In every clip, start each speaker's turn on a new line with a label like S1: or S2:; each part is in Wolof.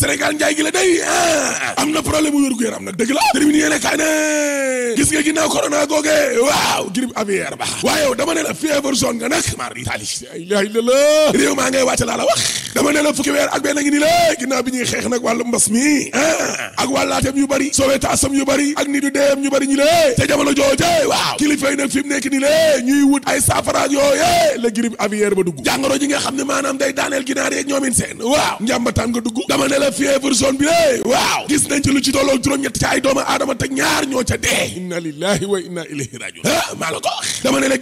S1: Sénégal njaay gi la day ah am na problème mu wér-gu-yaram am nag dëgg la termine yéene kaay ne gis nga ginnaaw corona googe waaw grippe aviaire ba waaye dama ne la fièvre jaune nga nag mar itali ay la réew maa ngay wàcc laa wax dama ne la fukki weer ak benn ngi ni la ginnaaw bi ñuy xeex nag wàllu mbas mi ah, ak wàllaateem yu bëri soowee taasam yu bëri ak ni du deem ñu bëri ñu lée te jamono jooje waaw nag fi mu nekk ni lée ñuy wut ay saafaraak yooye la grippe aviaire ba dugg jàngoro ji nga xam ne maanaam day daaneel ginaar yeeg ñoomin seen waaw njàmbataan nga dugg dama ne la fièvre jaune bi lée waaw gis nañ ci lu ci tolloo juróom-ñett ci ay doomu aadama te ñaar ñoo ca dee inna lillahi wa inna ilayhi rajiun ah maa la ko wax dama ne la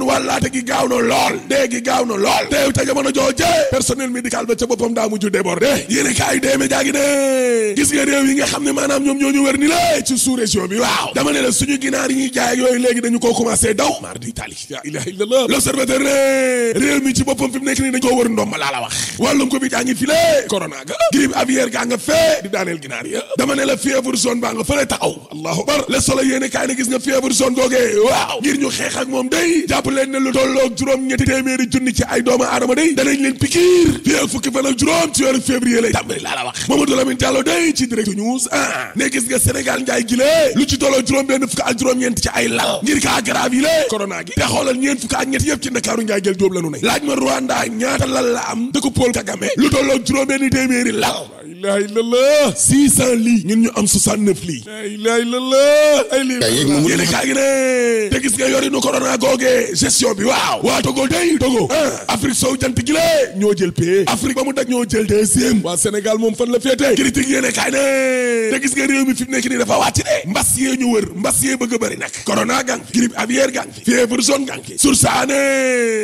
S1: kon wàllaate gi gaaw na lool dee gi gaaw na lool te ca jamono jooje personnel médical ba ca boppam daa mujj débordé yéene kaay dee média gi ne gis nga la ci fi mu nekk nii ko bi daa ngi file corona ga grippe aviaire gaa nga fee di daaneel ginaar ya dama ne la fièvre jaune baa nga fële taxaw allahu akbar le soleil yéene kaay ne gis nga fièvre jaune waaw ngir ñu xeex moom day leen ne lu tolloog juróom ñetti téeméeri junni ci ay doomu aadama day danañ leen pikiir fii ak fukki fan juróom ci weeru février lay tàmbali laa la wax Mamadou Lamine Diallo day ci direct news ah ne gis nga Sénégal njaay gi lu ci tolloo juróom benn fukk ak juróom-ñeent ci ay lal ngir kaa grave yi lée te xoolal ñeen fukk ak ñett yëpp ci Ndakaaru njaay gël jóob la nu laaj ma Rwanda ñaata lal la am dëkk Paul Kagame lu tolloog juróom benn gestion bi waaw waa Togo day Togo Afrique sow jant gi lée ñoo jël pee Afrique ba mu daj ñoo jël deuxième waa Sénégal moom fan la féete critique yéene ne te gis nga réew mi fi mu nekk nii mbas yee ñu a bëri nag corona gang grippe aviaire gang fièvre jaune gang sursaane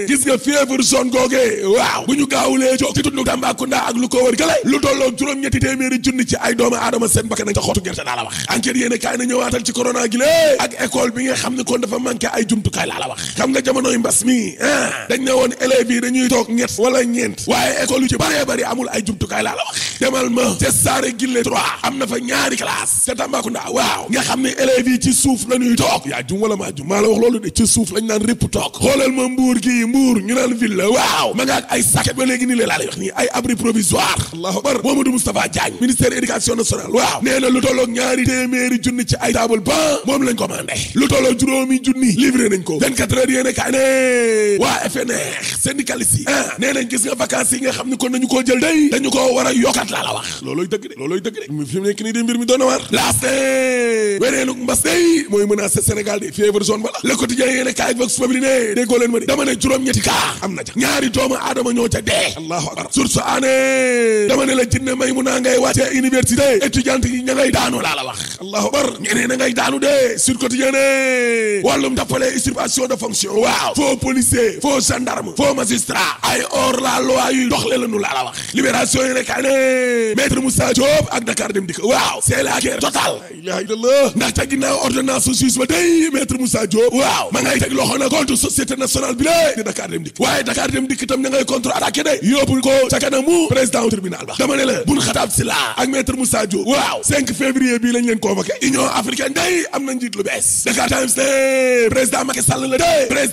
S1: gis nga fièvre jaune googee waaw bu ñu gaawulee jóg ci tundu Tambacounda ak lu ko wër gale lu tolloog juróom-ñetti téeméeri junni ci ay doomu aadama seen bakkan ca xottu gerte daa la wax enquête yéene kaay na ñëwaatal ci corona gi ak école bi nga xam ne kon dafa manqué ay jumtukaay laa la wax jamonoy mbas mi ah dañ ne woon élèves yi dañuy toog ñett wala ñeent waaye école yu ci bëree bëri amul ay jumtukaay laa la wax demal ma ca Saare Gille 3 am na fa ñaari classe ca Tambacounda waaw nga xam ne élèves yi ci suuf la ñuy toog yaa jum wala maa jum maa la wax loolu de ci suuf lañ naan répp toog xoolal ma mbuur gi mbuur ñu naan ville la waaw ma nga ak ay sàkket ba léegi nii la ay abri provisoire allahu akbar Mamadou moom lañ commandé lu tolloog juróomi kaay ne waa FNR syndicaliste yi ah nee nañ gis nga vacances nga xam ni kon nañu koo jël day dañu koo war a yokkaat laa la wax loolooy dëgg de loolooy dëgg de nekk nii di mbir mi doona war laas ne weneelug mbas day mooy menacer Sénégal de fièvre jaune wala le quotidien yéene kaay vox populi ne déggoo leen ma de dama ne juróom-ñetti kaa am na ca ñaari doomu aadama ñoo ca dee allahu akbar source aane dama ne la jinne may mu naa ngay wàcce université étudiante yi ña ngay daanu laa la wax allahu akbar ñeneen na ngay daanu de sur quotidien waaw faux policier faux gendarme faux magistrat ay hors la loi yu doxle lañu la la wax libération yi rek ane maître mussa Diop ak Dakar dem dikk waaw c'est la guerre totale la ilaha illallah ndax ca ginnaaw ordonnance suisse ba day maître Moussa Diop waaw ma ngay teg loxo na contre société nationale bi lé Dakar dem dikk waaye Dakar dem dikk tam na ngay contre attaqué day yóbbu ko ca kanamu président tribunal ba dama ne la bun xataab si la ak maître Moussa Diop waaw février bii lañ leen convoqué Union am na njiit lu bees Dakar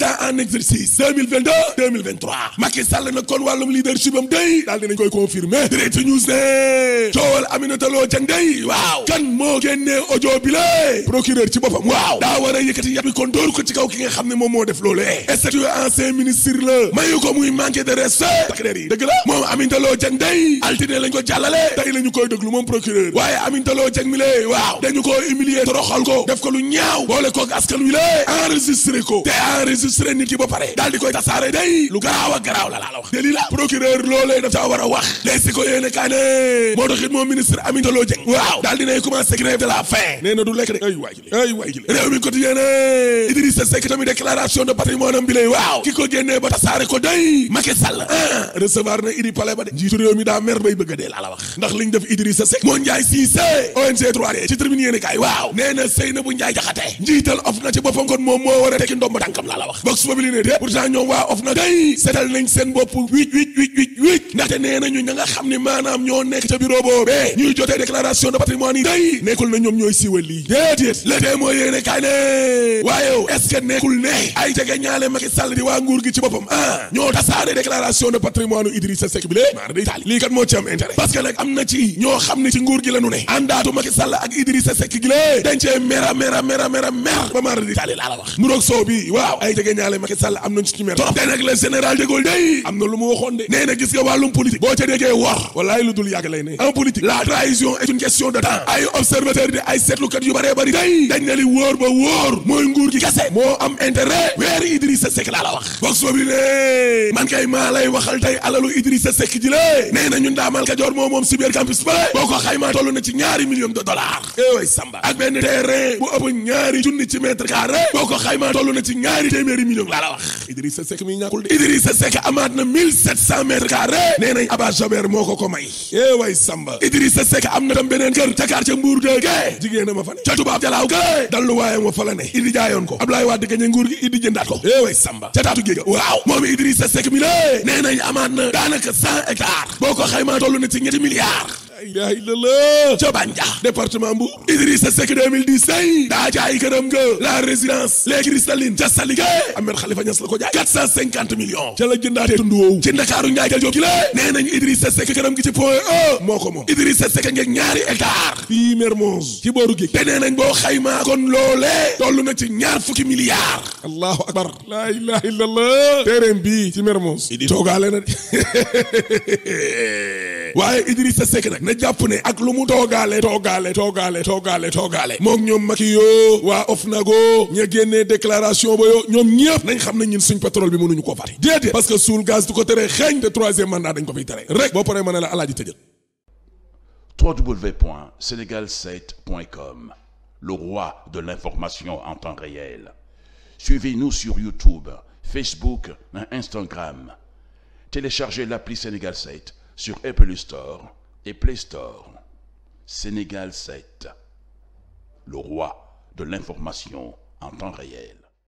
S1: président en exercice 2022 2023 Macky Sall nag kon wàllum leadership am day daal dinañ koy confirmer direct news la ci boppam waaw daa war a yëkkati yàppi kon dóor ko ci kaw ki nga xam ne moom moo def loolee statut ancien ministre la mayu ko muy manqué de respect takk la moom Aminata Lo Dieng day altine lañ ko jàllale tey moom procureur waaye Aminata Lo Dieng mi lee dañu ko humilier toroxal ko def ko lu ñaaw boole koog askan wi la enregistré ko te enregistré enregistré nit ki ah, ba de ba njiitu réew mi daa mer bay bëgg a dee laa la wax ndax liñ def Idrissa Seck moo Njaay Cissé ONG 3D ci tribune yéene kaay waaw nee na Seynabou Njaay Jaxate njiital of na ci boppam kon moom moo war tekki ndomba tànkam laa la wax wax box boobu li ne de pourtant ñoom waa of na day seetal nañ seen bopp wicc wicc wicc wécc ndaxte nee nañu ña nga xam ne maanaam ñoo nekk ca bureau boobee ñuy jotee déclaration de patrimoine yi day nekkul na ñoom ñooy siiwal lii déedéet le tee mooy yéene kaay ne waaye est nekkul ne ay jege ñaale Macky Sall di waa nguur gi ci boppam ah ñoo tasaare déclaration de patrimoine Idrissa Seck bi lee lii kat moo ci am intérêt parce nag am na ci ñoo xam ne ci nguur gi la ne àndaatu Macky Sall ak Idrissa Seck gi lee dencee mera mera mera mera gis nga wàllum politique boo ca déggee wax walaay lu dul yàgg lay ne en politique la trahison est une question de temps ay observateur di ay seetlukat yu bëree bëri dañ ne li wóor ba wóor mooy nguur gi kese moo am intérêt weer Idrissa Seck laa la wax box boobu man kay maa lay waxal tey alalu Idrissa Seck ji lée nee na ñun Kajoor moo moom si campus ba boo ko xaymaa toll na ci ñaari millions de dollars éwoy Samba ak benn terrain bu ëpp ñaari Saare nee nañ Aba moo ko ko may eh way Samba Idrissa Seck am na tam beneen kër ca quartier Mbour de ke jigéen a ma fa ne ca tubaab jalaaw ke dallu waayam wa fa la jaayoon ko Ablaye Wade gañe nguur gi Idi jëndaat ko eh way Samba ca taatu géej waaw moom Idrissa Seck mi la nee nañ amaat na daanaka cent hectares boo ko xaymaa toll na ci ñetti milliards ilaha illallah ca Banja département bu Idrissa Seck 2010 daa jaay këram nga la résidence les cristallines ca Saligué Ahmed Khalifa Niass la ko jaay 450 ca la jëndaatee tund woowu ci Ndakaaru Njaay jël gi la nee nañu Idrissa Seck gi ci point e moo ko moom Idrissa Seck ngeeg ñaari hectare fii Mermoz ci booru géej te nee boo xaymaa kon loolee toll na ci ñaar fukki milliards allahu akbar la ilaha illallah bii ci Mermoz toogaale na waaye Idrissa Seck nag na jàpp ne ak lu mu toogaale toogaale toogaale toogaale toogaale moom ñoom Macky yoo waa Ofnago ña génnee déclaration ba yoo ñoom ñëpp nañ xam ne ñun suñ pétrole bi mënuñu koo fàtte déedéet parce que suul gaz du ko tere xeeñ te troisième mandat dañ ko fiy tere rek boo paree ma ne la alaaji tëjël www.senegal7.com le roi de l'information en temps réel suivez-nous sur YouTube Facebook et Instagram téléchargez Sénégal 7 sur Apple Store et Play Store. Sénégal 7, le roi de l'information en temps réel.